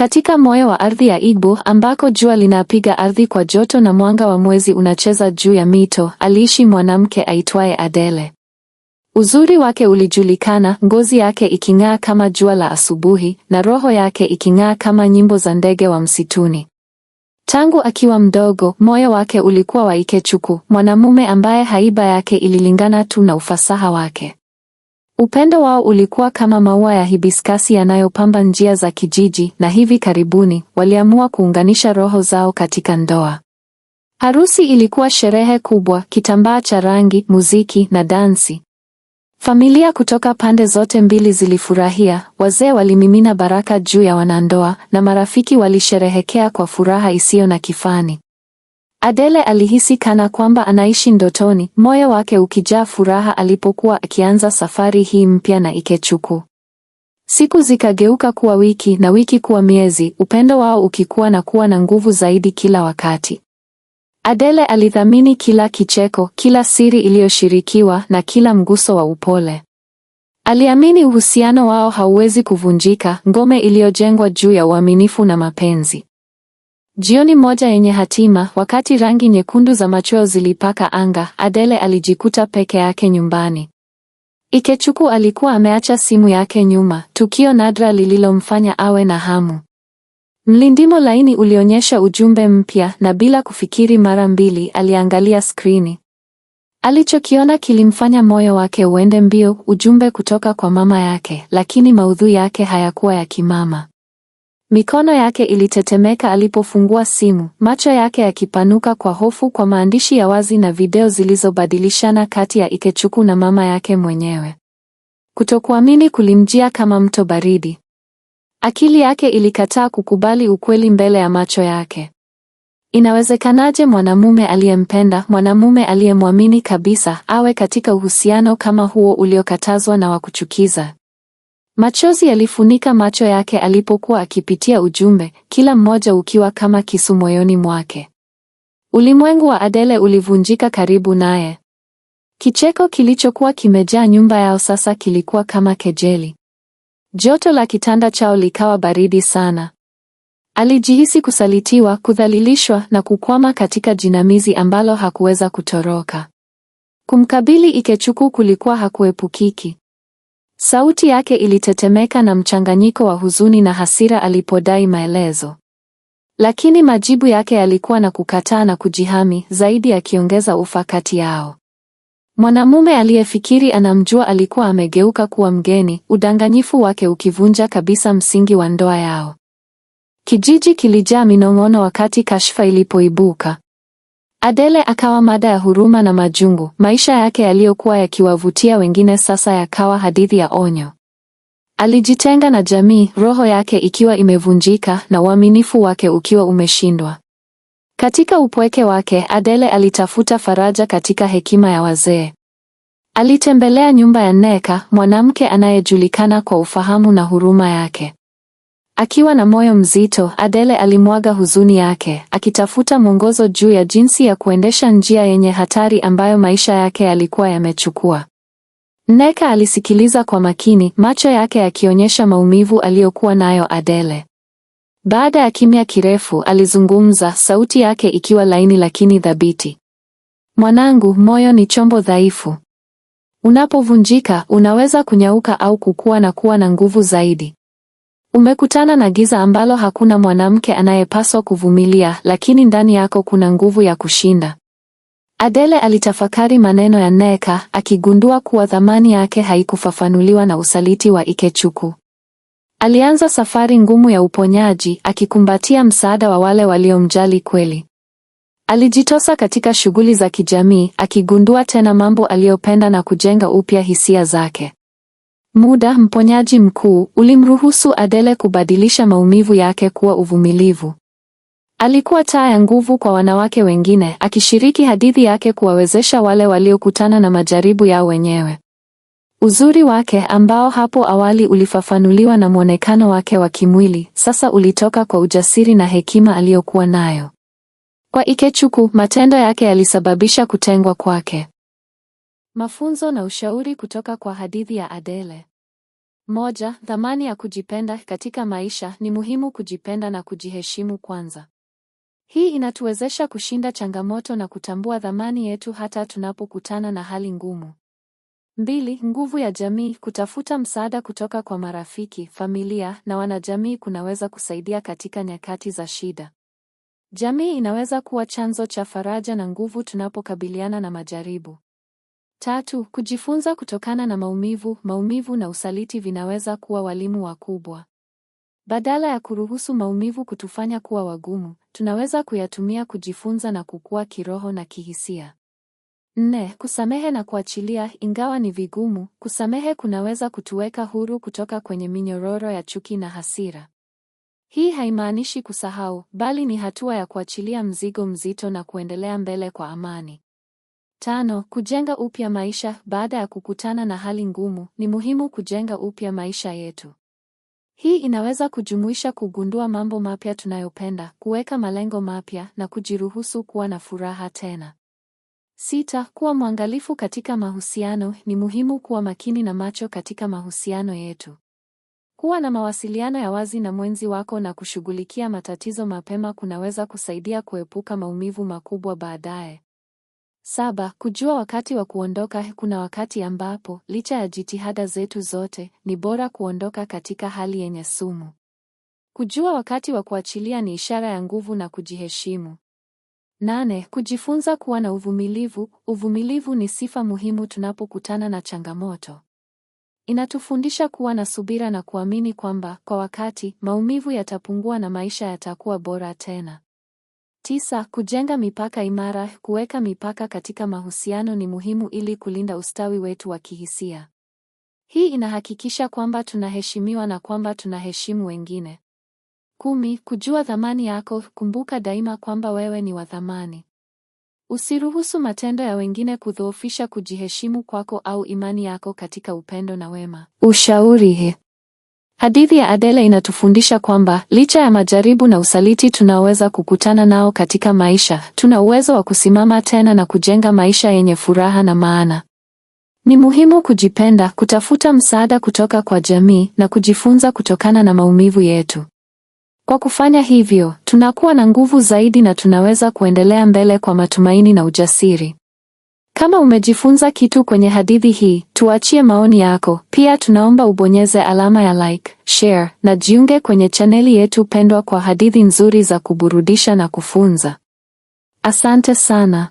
Katika moyo wa ardhi ya Igbo ambako jua linapiga ardhi kwa joto na mwanga wa mwezi unacheza juu ya mito, aliishi mwanamke aitwaye Adele. Uzuri wake ulijulikana, ngozi yake iking'aa kama jua la asubuhi na roho yake iking'aa kama nyimbo za ndege wa msituni. Tangu akiwa mdogo, moyo wake ulikuwa wa Ikechuku, mwanamume ambaye haiba yake ililingana tu na ufasaha wake. Upendo wao ulikuwa kama maua ya hibiskasi yanayopamba njia za kijiji, na hivi karibuni waliamua kuunganisha roho zao katika ndoa. Harusi ilikuwa sherehe kubwa, kitambaa cha rangi, muziki na dansi. Familia kutoka pande zote mbili zilifurahia, wazee walimimina baraka juu ya wanandoa na marafiki walisherehekea kwa furaha isiyo na kifani. Adele alihisi kana kwamba anaishi ndotoni, moyo wake ukijaa furaha alipokuwa akianza safari hii mpya na Ikechuku. Siku zikageuka kuwa wiki na wiki kuwa miezi, upendo wao ukikuwa na kuwa na nguvu zaidi kila wakati. Adele alithamini kila kicheko, kila siri iliyoshirikiwa na kila mguso wa upole. Aliamini uhusiano wao hauwezi kuvunjika, ngome iliyojengwa juu ya uaminifu na mapenzi. Jioni moja yenye hatima, wakati rangi nyekundu za machweo zilipaka anga, Adele alijikuta peke yake nyumbani. Ikechuku alikuwa ameacha simu yake nyuma, tukio nadra lililomfanya awe na hamu. Mlindimo laini ulionyesha ujumbe mpya, na bila kufikiri mara mbili aliangalia skrini. Alichokiona kilimfanya moyo wake uende mbio, ujumbe kutoka kwa mama yake, lakini maudhui yake hayakuwa ya kimama. Mikono yake ilitetemeka alipofungua simu, macho yake yakipanuka kwa hofu kwa maandishi ya wazi na video zilizobadilishana kati ya Ikechuku na mama yake mwenyewe. Kutokuamini kulimjia kama mto baridi. Akili yake ilikataa kukubali ukweli mbele ya macho yake. Inawezekanaje mwanamume aliyempenda, mwanamume aliyemwamini kabisa, awe katika uhusiano kama huo uliokatazwa na wa kuchukiza? Machozi yalifunika macho yake alipokuwa akipitia ujumbe, kila mmoja ukiwa kama kisu moyoni mwake. Ulimwengu wa Adele ulivunjika karibu naye. Kicheko kilichokuwa kimejaa nyumba yao sasa kilikuwa kama kejeli. Joto la kitanda chao likawa baridi sana. Alijihisi kusalitiwa, kudhalilishwa na kukwama katika jinamizi ambalo hakuweza kutoroka. Kumkabili Ikechuku kulikuwa hakuepukiki. Sauti yake ilitetemeka na mchanganyiko wa huzuni na hasira alipodai maelezo, lakini majibu yake yalikuwa na kukataa na kujihami zaidi, yakiongeza ufa kati yao. Mwanamume aliyefikiri anamjua alikuwa amegeuka kuwa mgeni, udanganyifu wake ukivunja kabisa msingi wa ndoa yao. Kijiji kilijaa minong'ono wakati kashfa ilipoibuka. Adele akawa mada ya huruma na majungu. Maisha yake yaliyokuwa yakiwavutia wengine sasa yakawa hadithi ya onyo. Alijitenga na jamii, roho yake ikiwa imevunjika na uaminifu wake ukiwa umeshindwa. Katika upweke wake, Adele alitafuta faraja katika hekima ya wazee. Alitembelea nyumba ya Neka, mwanamke anayejulikana kwa ufahamu na huruma yake. Akiwa na moyo mzito, Adele alimwaga huzuni yake, akitafuta mwongozo juu ya jinsi ya kuendesha njia yenye hatari ambayo maisha yake yalikuwa yamechukua. neka alisikiliza kwa makini, macho yake yakionyesha maumivu aliyokuwa nayo Adele. Baada ya kimya kirefu, alizungumza, sauti yake ikiwa laini lakini thabiti. Mwanangu, moyo ni chombo dhaifu. Unapovunjika, unaweza kunyauka au kukua na kuwa na nguvu zaidi. Umekutana na giza ambalo hakuna mwanamke anayepaswa kuvumilia, lakini ndani yako kuna nguvu ya kushinda. Adele alitafakari maneno ya neka akigundua kuwa thamani yake haikufafanuliwa na usaliti wa ikechuku Alianza safari ngumu ya uponyaji, akikumbatia msaada wa wale waliomjali kweli. Alijitosa katika shughuli za kijamii, akigundua tena mambo aliyopenda na kujenga upya hisia zake. Muda, mponyaji mkuu, ulimruhusu Adele kubadilisha maumivu yake kuwa uvumilivu. Alikuwa taa ya nguvu kwa wanawake wengine, akishiriki hadithi yake kuwawezesha wale waliokutana na majaribu yao wenyewe. Uzuri wake ambao hapo awali ulifafanuliwa na mwonekano wake wa kimwili, sasa ulitoka kwa ujasiri na hekima aliyokuwa nayo. Kwa ikechuku matendo yake yalisababisha kutengwa kwake. Mafunzo na ushauri kutoka kwa hadithi ya Adele. Moja, thamani ya kujipenda katika maisha ni muhimu kujipenda na kujiheshimu kwanza. Hii inatuwezesha kushinda changamoto na kutambua thamani yetu hata tunapokutana na hali ngumu. Mbili, nguvu ya jamii. Kutafuta msaada kutoka kwa marafiki, familia na wanajamii kunaweza kusaidia katika nyakati za shida. Jamii inaweza kuwa chanzo cha faraja na nguvu tunapokabiliana na majaribu. Tatu, kujifunza kutokana na maumivu. Maumivu na usaliti vinaweza kuwa walimu wakubwa. Badala ya kuruhusu maumivu kutufanya kuwa wagumu, tunaweza kuyatumia kujifunza na kukua kiroho na kihisia. Nne, kusamehe na kuachilia. Ingawa ni vigumu, kusamehe kunaweza kutuweka huru kutoka kwenye minyororo ya chuki na hasira. Hii haimaanishi kusahau, bali ni hatua ya kuachilia mzigo mzito na kuendelea mbele kwa amani. Tano, kujenga upya maisha baada ya kukutana na hali ngumu. Ni muhimu kujenga upya maisha yetu. Hii inaweza kujumuisha kugundua mambo mapya tunayopenda, kuweka malengo mapya na kujiruhusu kuwa na furaha tena. Sita, kuwa mwangalifu katika mahusiano. Ni muhimu kuwa makini na macho katika mahusiano yetu. Kuwa na mawasiliano ya wazi na mwenzi wako na kushughulikia matatizo mapema kunaweza kusaidia kuepuka maumivu makubwa baadaye. Saba, kujua wakati wa kuondoka. Kuna wakati ambapo licha ya jitihada zetu zote, ni bora kuondoka katika hali yenye sumu. Kujua wakati wa kuachilia ni ishara ya nguvu na kujiheshimu. Nane, kujifunza kuwa na uvumilivu. Uvumilivu ni sifa muhimu tunapokutana na changamoto. Inatufundisha kuwa na subira na kuamini kwamba kwa wakati maumivu yatapungua na maisha yatakuwa bora tena. Tisa, kujenga mipaka imara. Kuweka mipaka katika mahusiano ni muhimu ili kulinda ustawi wetu wa kihisia. Hii inahakikisha kwamba tunaheshimiwa na kwamba tunaheshimu wengine. Kumi, kujua thamani yako. Kumbuka daima kwamba wewe ni wa thamani. Usiruhusu matendo ya wengine kudhoofisha kujiheshimu kwako au imani yako katika upendo na wema. Ushauri. Hadithi ya Adele inatufundisha kwamba licha ya majaribu na usaliti tunaweza kukutana nao katika maisha, tuna uwezo wa kusimama tena na kujenga maisha yenye furaha na maana. Ni muhimu kujipenda, kutafuta msaada kutoka kwa jamii na kujifunza kutokana na maumivu yetu. Kwa kufanya hivyo, tunakuwa na nguvu zaidi na tunaweza kuendelea mbele kwa matumaini na ujasiri. Kama umejifunza kitu kwenye hadithi hii, tuachie maoni yako. Pia tunaomba ubonyeze alama ya like, share na jiunge kwenye chaneli yetu pendwa kwa hadithi nzuri za kuburudisha na kufunza. Asante sana.